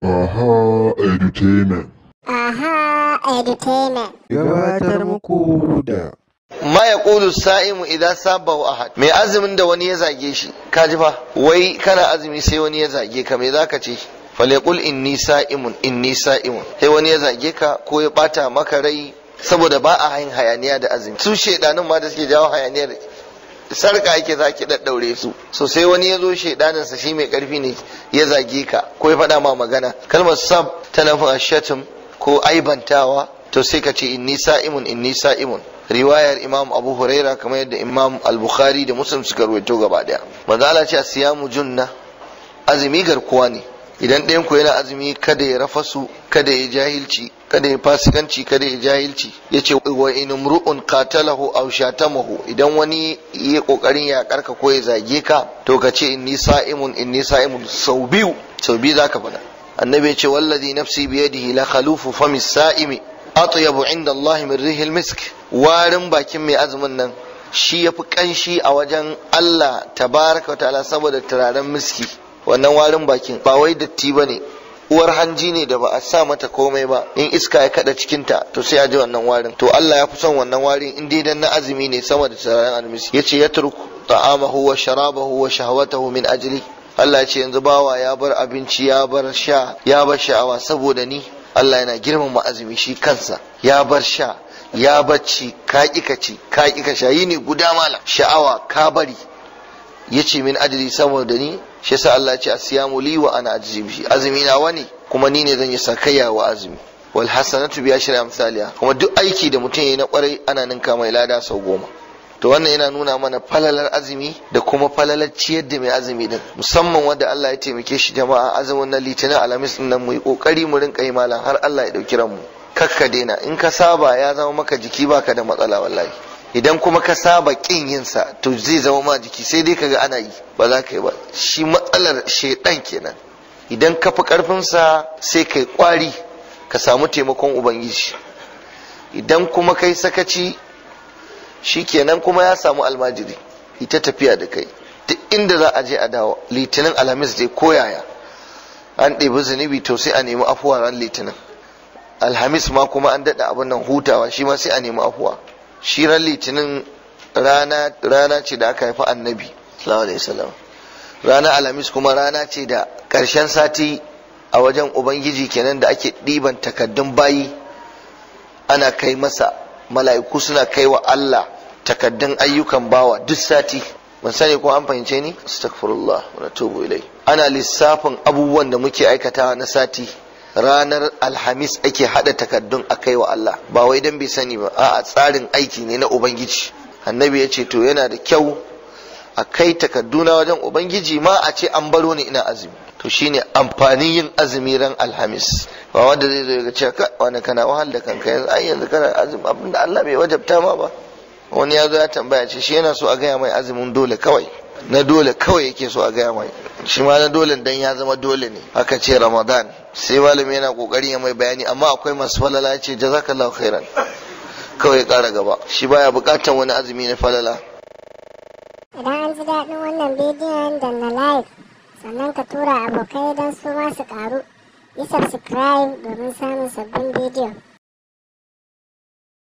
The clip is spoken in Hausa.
Aha Edutainment. Aha Edutainment. Gabatar muku da. Ma ya ƙudu sa'imu idan saba wa ahad. Mai azumin da wani ya zage shi, ka ji fa, wai kana azumi sai wani ya zage ka, mai zaka ka ce? Falekul inni sa'imun, inni sa'imun. Sai wani ya zage ka ko ya ɓata maka rai saboda ba a hayin hayaniya da azumi. Su shaidanin ma da suke jawo hayaniyar sarka ake za ki daddaure su so sai wani ya zo shedanin sa shi mai karfi ne ya zage ka ko ya faɗa ma magana kalmar sab ta nufin ashatum ko aibantawa to sai ka ce inni sa'imun inni sa'imun riwayar imam abu huraira kamar yadda imam al-bukhari da muslim suka ruwaito gaba daya manzo Allah ce asiyamu junna azumi garkuwa ne idan ɗayan ku yana azumi kada ya su kada ya jahilci kada ya fasikanci kada ya jahilci yace wa in umru'un qatalahu aw shatamahu idan wani ya kokarin ya karka ko ya zage ka to ka ce inni sa'imun inni sa'imun sau biyu sau biyu zaka faɗa annabi ya yace wallazi nafsi yadihi la khalufu famis sa'imi atyabu inda Allah min rihil misk warin bakin mai azumin nan shi yafi kanshi a wajen Allah tabaraka wa ta'ala saboda turaren miski wannan warin bakin ba wai datti bane uwar hanji ne da ba a sa mata komai ba in iska ya kada cikin ta to sai a ji wannan warin to Allah ya fi son wannan warin in dai dan na azumi ne sama da tsarayen almisi yace ya turku ta'amahu wa sharabahu wa shahwatahu min ajli Allah ce yanzu bawa ya bar abinci ya bar sha ya bar sha'awa saboda ni Allah yana girmama azumi shi kansa ya bar sha ya bacci ka ka ci ka ka sha ne guda mala sha'awa ka bari Ya ce min ajli saboda ni shi yasa Allah ya ce asiyamu li wa ana ajiri bi azumi na wani kuma ni ne zan yi sa sakayya wa azumi wal hasanatu bi ashri misaliya. kuma duk aiki da mutum ya yi na kwarai ana ninka mai lada sau goma to wannan yana nuna mana falalar azumi da kuma falalar ciyar da mai azumi din musamman wanda Allah ya taimake shi jama'a azumin na litinin alhamis din nan mu yi kokari mu rinka yi malam har Allah ya dauki ranmu kakka daina in ka saba ya zama maka jiki baka da matsala wallahi idan kuma ka saba kin yin sa to zai zama ma jiki sai dai kaga ana yi ba za ka yi ba shi matsalar shedan kenan idan ka fi karfin sa sai kai kwari ka samu taimakon ubangiji idan kuma kai sakaci shi kenan kuma ya samu almajiri ita tafiya da kai duk inda za a je a dawo litinin alhamis dai koyaya an ɗebi zunubi to sai a nemi afuwa ran litinin alhamis ma kuma an daɗa abin nan hutawa shi ma sai a nemi afuwa shi ran litinin rana ce da aka haifi annabi sallallahu alaihi rana alhamis kuma rana ce da ƙarshen sati a wajen ubangiji kenan da ake ɗiban takaddun bayi ana kai masa mala'iku suna kai wa Allah takaddun ayyukan bawa duk sati ban sani ko an fahimce ni astaghfirullah wa natubu ilai ana lissafin abubuwan da muke aikatawa na sati ranar alhamis ake hada takaddun kai wa Allah ba wai dan bai sani ba a tsarin aiki ne na ubangiji annabi ya ce to yana da kyau a kai takadduna wajen ubangiji ma a ce an baro ni ina azumi to shine amfanin yin azumi ran alhamis ba wanda zai zo ya ce wani kana wahal da kanka yanzu ai yanzu kana azumi abinda Allah bai wajabta ma ba wani ya zo ya tambaya ce shi yana so a gaya mai azumin dole kawai na dole kawai yake so a gaya mai shi ma na dole dan ya zama dole ne haka ce ramadan sai malami yana kokarin ya mai bayani amma akwai masu falala ce jazakallahu khairan kawai kara gaba shi baya bukatar wani azumi na falala idan an ji daɗin wannan bidiyon da na live sannan ka tura abokai don su ma su karu yi subscribe domin samun sabbin bidiyo